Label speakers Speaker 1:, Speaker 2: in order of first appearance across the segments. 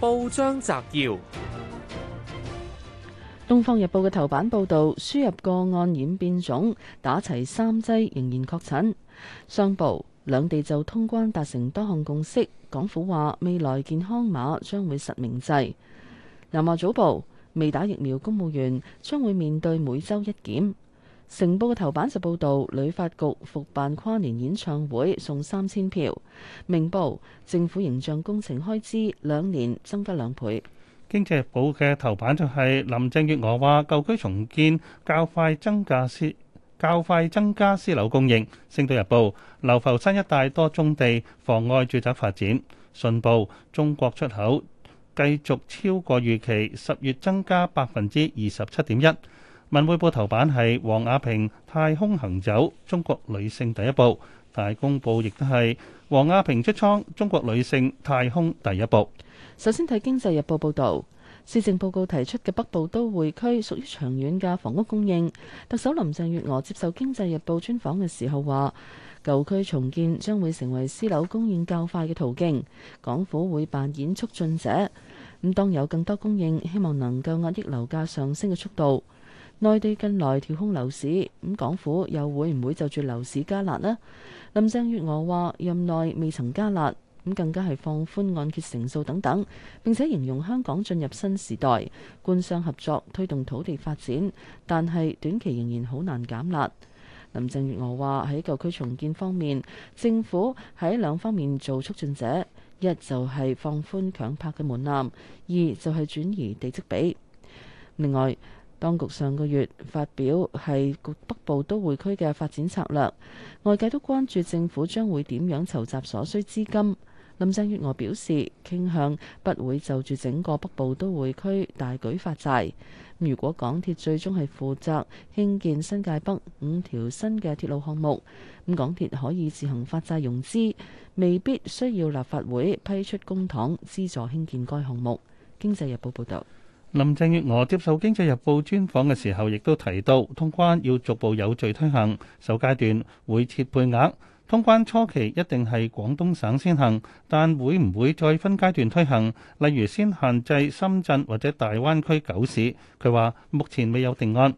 Speaker 1: 報章摘要：《東方日報》嘅頭版報道，輸入個案演變種，打齊三劑仍然確診。商報兩地就通關達成多項共識，港府話未來健康碼將會實名制。南華早報未打疫苗公務員將會面對每週一檢。《成報》嘅頭版就報導，旅發局復辦跨年演唱會
Speaker 2: 送三千票。《明報》政府形象工程開支兩年增加兩倍。《經濟日報》嘅頭版就係林鄭月娥話：舊區重建較快，較快增加私較快增加私樓供應。《星島日報》流浮山一帶多宗地妨礙住宅發展。《信報》中國出口繼續超過預期，十月增加百分之二十七點一。文匯報頭版係王亞平太空行走，中國女性第一步。大公報亦都係王亞平出艙，中國女性太空第一步。
Speaker 1: 首先睇《經濟日報》報道，施政報告提出嘅北部都會區屬於長遠嘅房屋供應。特首林鄭月娥接受經濟日報專訪嘅時候話，舊區重建將會成為私樓供應較快嘅途徑，港府會扮演促進者。咁當有更多供應，希望能夠壓抑樓價上升嘅速度。內地近來調控樓市，咁港府又會唔會就住樓市加辣呢？林鄭月娥話任內未曾加辣，咁更加係放寬按揭成數等等。並且形容香港進入新時代，官商合作推動土地發展，但係短期仍然好難減辣。林鄭月娥話喺舊區重建方面，政府喺兩方面做促進者，一就係放寬強拍嘅門檻，二就係轉移地積比。另外，當局上個月發表係北部都會區嘅發展策略，外界都關注政府將會點樣籌集所需資金。林鄭月娥表示傾向不會就住整個北部都會區大舉發債。如果港鐵最終係負責興建新界北五條新嘅鐵路項目，咁港鐵可以自行發債融資，未必需要立法會批出公帑資助興建該項目。經濟日報報導。
Speaker 2: 林鄭月娥接受經濟日報專訪嘅時候，亦都提到，通關要逐步有序推行，首階段，會設配額。通關初期一定係廣東省先行,但會唔會再分階段推行，例如先限制深圳或者大灣區九市，佢話目前未有定案。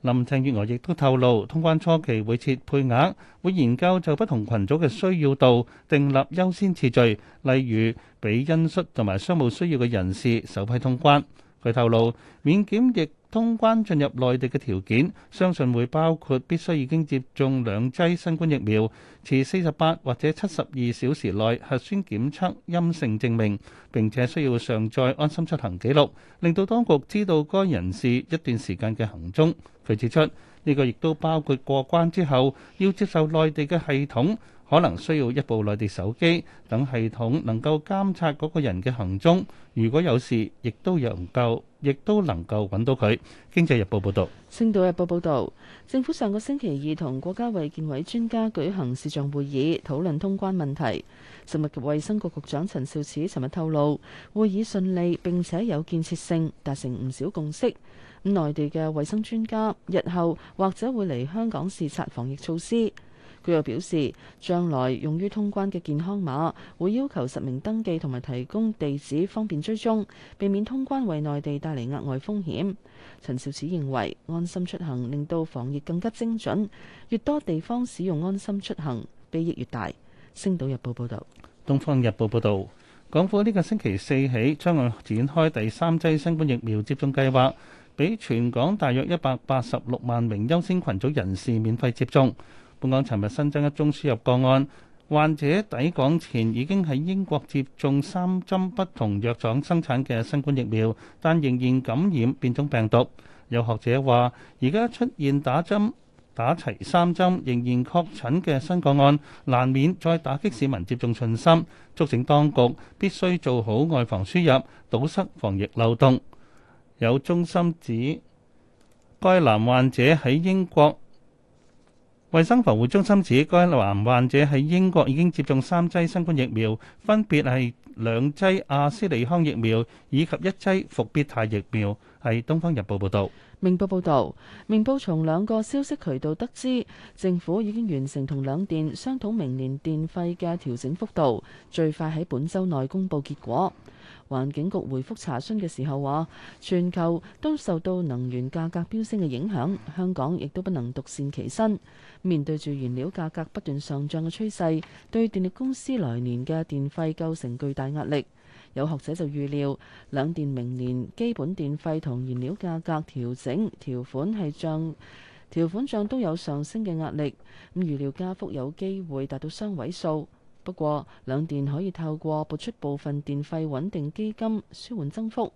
Speaker 2: 林鄭月娥亦都透露，通關初期會設配額，會研究就不同群組嘅需要度，定立優先次序，例如俾恩恤同埋商務需要嘅人士首批通關。佢透露，免檢疫通關進入內地嘅條件，相信會包括必須已經接種兩劑新冠疫苗，持四十八或者七十二小時內核酸檢測陰性證明，並且需要上載安心出行記錄，令到當局知道該人士一段時間嘅行蹤，佢指出。呢個亦都包括過關之後要接受內地嘅系統，可能需要一部內地手機等系統，能夠監察嗰個人嘅行蹤。如果有事，亦都有人救。亦都能夠揾到佢。經濟日報報導，
Speaker 1: 星島日報報導，政府上個星期二同國家衛健委專家舉行視像會議，討論通關問題。食物及衛生局局長陳肇始，尋日透露，會議順利並且有建設性，達成唔少共識。咁內地嘅衛生專家，日後或者會嚟香港視察防疫措施。他又表示，將來用於通關嘅健康碼會要求實名登記同埋提供地址，方便追蹤，避免通關為內地帶嚟額外風險。陳肇始認為安心出行令到防疫更加精準，越多地方使用安心出行，裨益越大。星島日報報道。
Speaker 2: 《東方日報》報道，港府呢個星期四起將來展開第三劑新冠疫苗接種計劃，俾全港大約一百八十六萬名優先群組人士免費接種。本港尋日新增一宗輸入個案，患者抵港前已經喺英國接種三針不同藥廠生產嘅新冠疫苗，但仍然感染變種病毒。有學者話：而家出現打針打齊三針仍然確診嘅新個案，難免再打擊市民接種信心，促請當局必須做好外防輸入、堵塞防疫漏洞。有中心指，該男患者喺英國。衛生防護中心指，該男患者喺英國已經接種三劑新冠疫苗，分別係兩劑阿斯利康疫苗以及一劑伏必泰疫苗。係東方日報報道。
Speaker 1: 明報報道，明報從兩個消息渠道得知，政府已經完成同兩電商討明年電費嘅調整幅度，最快喺本周內公布結果。環境局回覆查詢嘅時候話：全球都受到能源價格飆升嘅影響，香港亦都不能獨善其身。面對住燃料價格不斷上漲嘅趨勢，對電力公司來年嘅電費構成巨大壓力。有學者就預料，兩電明年基本電費同燃料價格調整條款係漲，條款漲都有上升嘅壓力。咁預料加幅有機會達到雙位數。不過，兩電可以透過撥出部分電費穩定基金，舒緩增幅。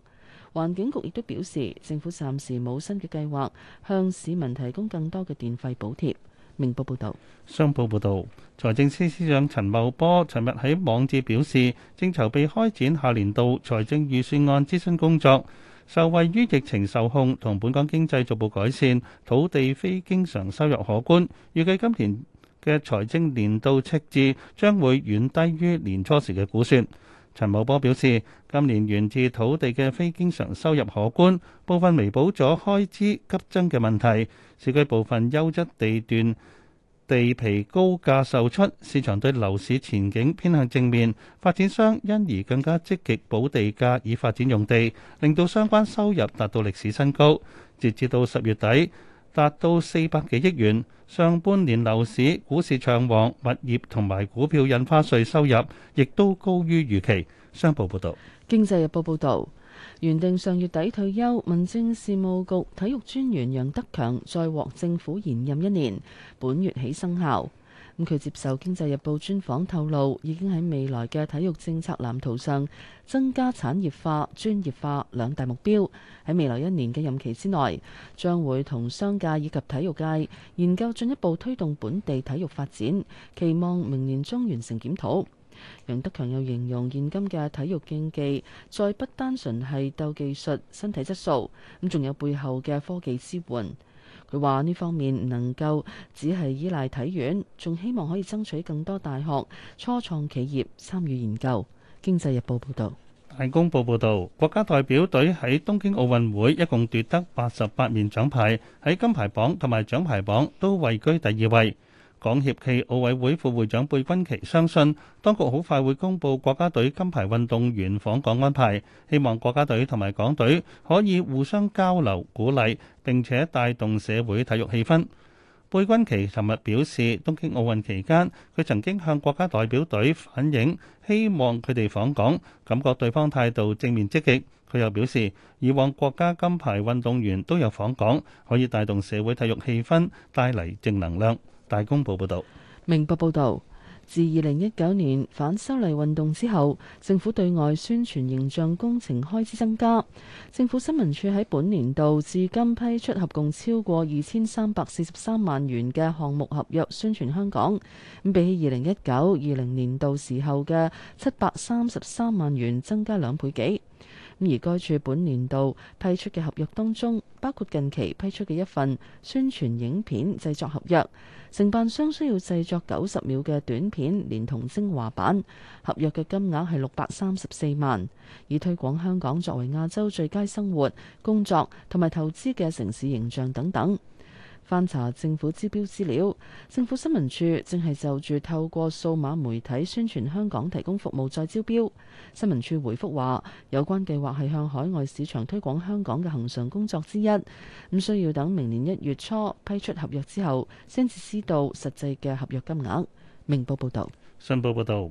Speaker 1: 環境局亦都表示，政府暫時冇新嘅計劃向市民提供更多嘅電費補貼。明報報道，
Speaker 2: 商報報道，財政司司長陳茂波尋日喺網誌表示，正籌備開展下年度財政預算案諮詢工作。受惠於疫情受控同本港經濟逐步改善，土地非經常收入可觀，預計今年嘅財政年度赤字將會遠低於年初時嘅估算。陳茂波表示，今年源自土地嘅非經常收入可觀，部分彌補咗開支急增嘅問題。市區部分優質地段地皮高價售出，市場對樓市前景偏向正面，發展商因而更加積極補地價以發展用地，令到相關收入達到歷史新高。截至到十月底，達到四百幾億元，上半年樓市、股市暢旺，物業同埋股票印花稅收入亦都高於預期。商報報導。
Speaker 1: 《經濟日報》報導，原定上月底退休，民政事務局體育專員楊德強再獲政府延任一年，本月起生效。佢接受《經濟日報》專訪透露，已經喺未來嘅體育政策藍圖上增加產業化、專業化兩大目標。喺未來一年嘅任期之內，將會同商界以及體育界研究進一步推動本地體育發展，期望明年中完成檢討。楊德強又形容現今嘅體育競技，再不單純係鬥技術、身體質素，咁仲有背後嘅科技支援。佢話：呢方面唔能夠只係依賴體院，仲希望可以爭取更多大學、初創企業參與研究。經濟日報報道。《
Speaker 2: 大公報》報道，國家代表隊喺東京奧運會一共奪得八十八面獎牌，喺金牌榜同埋獎牌榜都位居第二位。港協暨奧委會副會長貝君奇相信，當局好快會公布國家隊金牌運動員訪港安排。希望國家隊同埋港隊可以互相交流、鼓勵，並且帶動社會體育氣氛。貝君奇尋日表示，東京奧運期間，佢曾經向國家代表隊反映，希望佢哋訪港，感覺對方態度正面積極。佢又表示，以往國家金牌運動員都有訪港，可以帶動社會體育氣氛，帶嚟正能量。大公報報道，
Speaker 1: 明報報道，自二零一九年反修例運動之後，政府對外宣傳形象工程開支增加。政府新聞處喺本年度至今批出合共超過二千三百四十三萬元嘅項目合約宣傳香港。咁比起二零一九、二零年度時候嘅七百三十三萬元，增加兩倍幾。而該處本年度批出嘅合約當中，包括近期批出嘅一份宣傳影片製作合約，承辦商需要製作九十秒嘅短片，連同精華版，合約嘅金額係六百三十四萬，以推廣香港作為亞洲最佳生活、工作同埋投資嘅城市形象等等。翻查政府招標資料，政府新聞處正係就住透過數碼媒體宣傳香港提供服務再招標，新聞處回覆話有關計劃係向海外市場推廣香港嘅恆常工作之一，咁需要等明年一月初批出合約之後先至知道實際嘅合約金額，明報報道，
Speaker 2: 信報報道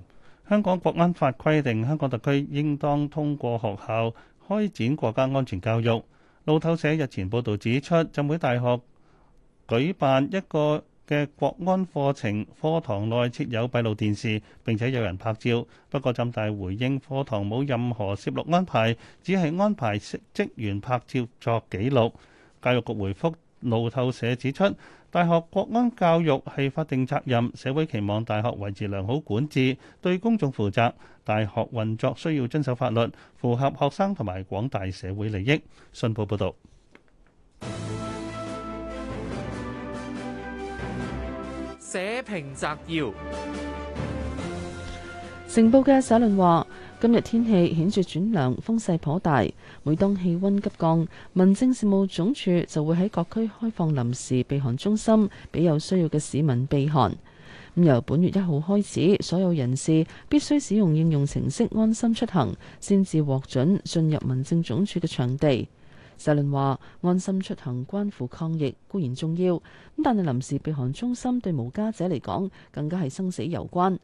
Speaker 2: 香港國安法規定，香港特區應當通過學校開展國家安全教育。路透社日前報道指出，浸會大學。舉辦一個嘅國安課程，課堂內設有閉路電視，並且有人拍照。不過，浸大回應課堂冇任何攝錄安排，只係安排職員拍照作記錄。教育局回覆路透社指出，大學國安教育係法定責任，社會期望大學維持良好管治，對公眾負責。大學運作需要遵守法律，符合學生同埋廣大社會利益。信報報導。報章摘要。
Speaker 1: 成報嘅社論話：今日天氣顯著轉涼，風勢頗大。每當氣溫急降，民政事務總署就會喺各區開放臨時避寒中心，俾有需要嘅市民避寒。由本月一號開始，所有人士必須使用應用程式安心出行，先至獲准進入民政總署嘅場地。社論話安心出行關乎抗疫固然重要，咁但係臨時避寒中心對無家者嚟講更加係生死攸關，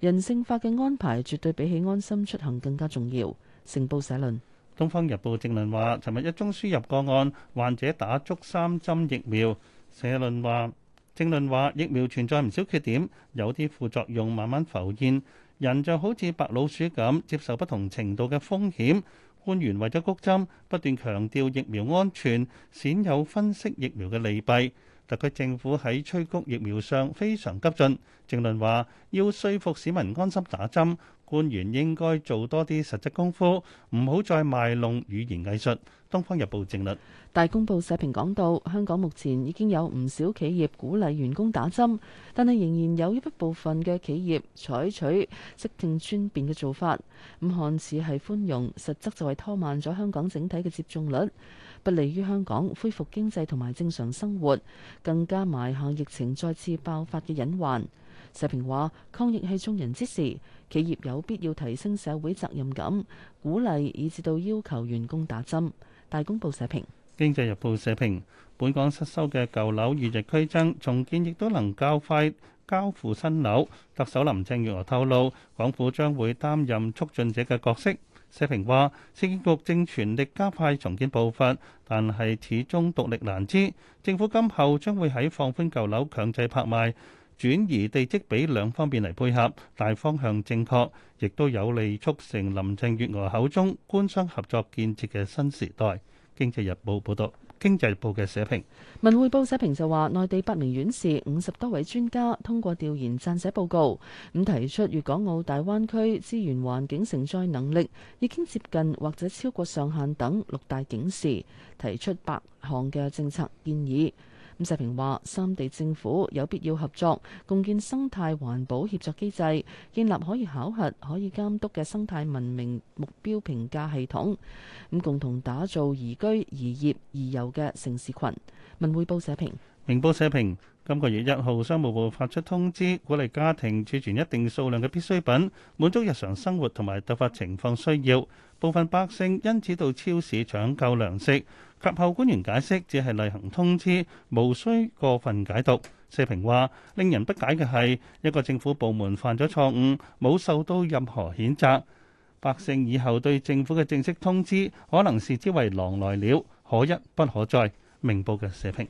Speaker 1: 人性化嘅安排絕對比起安心出行更加重要。成報社
Speaker 2: 論，東方日報正論話，尋日一宗輸入個案，患者打足三針疫苗。社論話正論話疫苗存在唔少缺點，有啲副作用慢慢浮現，人就好似白老鼠咁接受不同程度嘅風險。官員為咗谷針，不斷強調疫苗安全，鮮有分析疫苗嘅利弊。特區政府喺催谷疫苗上非常急進，正論話要説服市民安心打針，官員應該做多啲實質功夫，唔好再賣弄語言藝術。《東方日報》正論
Speaker 1: 大公報社評講到，香港目前已經有唔少企業鼓勵員工打針，但係仍然有一部分嘅企業採取適應專變嘅做法，咁看似係寬容，實則就係拖慢咗香港整體嘅接種率。不利於香港恢復經濟同埋正常生活，更加埋下疫情再次爆發嘅隱患。社評話：抗疫係眾人之事，企業有必要提升社會責任感，鼓勵以至到要求
Speaker 2: 員工打針。大公報社評，《經濟日報》社評：本港失修嘅舊樓與日俱增重建，亦都能較快交付新樓。特首林鄭月娥透露，港府將會擔任促進者嘅角色。社評話：市建局正全力加快重建步伐，但係始終獨力難支。政府今後將會喺放寬舊樓強制拍賣、轉移地積比兩方面嚟配合，大方向正確，亦都有利促成林鄭月娥口中官商合作建設嘅新時代。經濟日報報導。經濟部嘅社評，
Speaker 1: 文匯報社評就話，內地八名院士、五十多位專家通過調研撰寫報告，咁提出粵港澳大灣區資源環境承載能力已經接近或者超過上限等六大警示，提出八項嘅政策建議。咁社評話，三地政府有必要合作，共建生態環保協作機制，建立可以考核、可以監督嘅生態文明目標評價系統，咁共同打造宜居、宜業、宜遊嘅城市群。文匯報社評。
Speaker 2: 明報社評，今個月一號，商務部發出通知，鼓勵家庭儲存一定數量嘅必需品，滿足日常生活同埋突發情況需要。部分百姓因此到超市搶購糧食。及後官員解釋，只係例行通知，無需過分解讀。社評話：令人不解嘅係，一個政府部門犯咗錯誤，冇受到任何譴責，百姓以後對政府嘅正式通知，可能視之為狼來了，可一不可再。明報嘅社評。